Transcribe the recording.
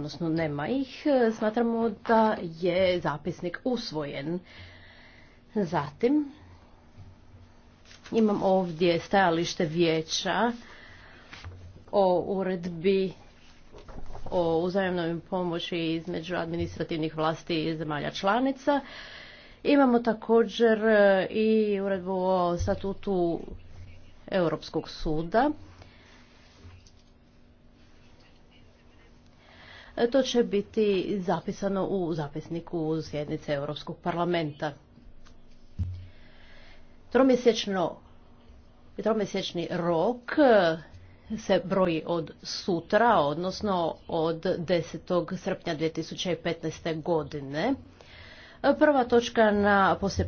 odnosno nema ih, smatramo da je zapisnik usvojen. Zatim, imam ovdje stajalište vijeća o uredbi o uzajemnoj pomoći između administrativnih vlasti i zemalja članica. Imamo također i uredbu o statutu Europskog suda. E, to će biti zapisano u zapisniku sjednice Europskog parlamenta. tromjesečni rok se broji od sutra, odnosno od 10. srpnja 2015. godine. E, prva točka na poslije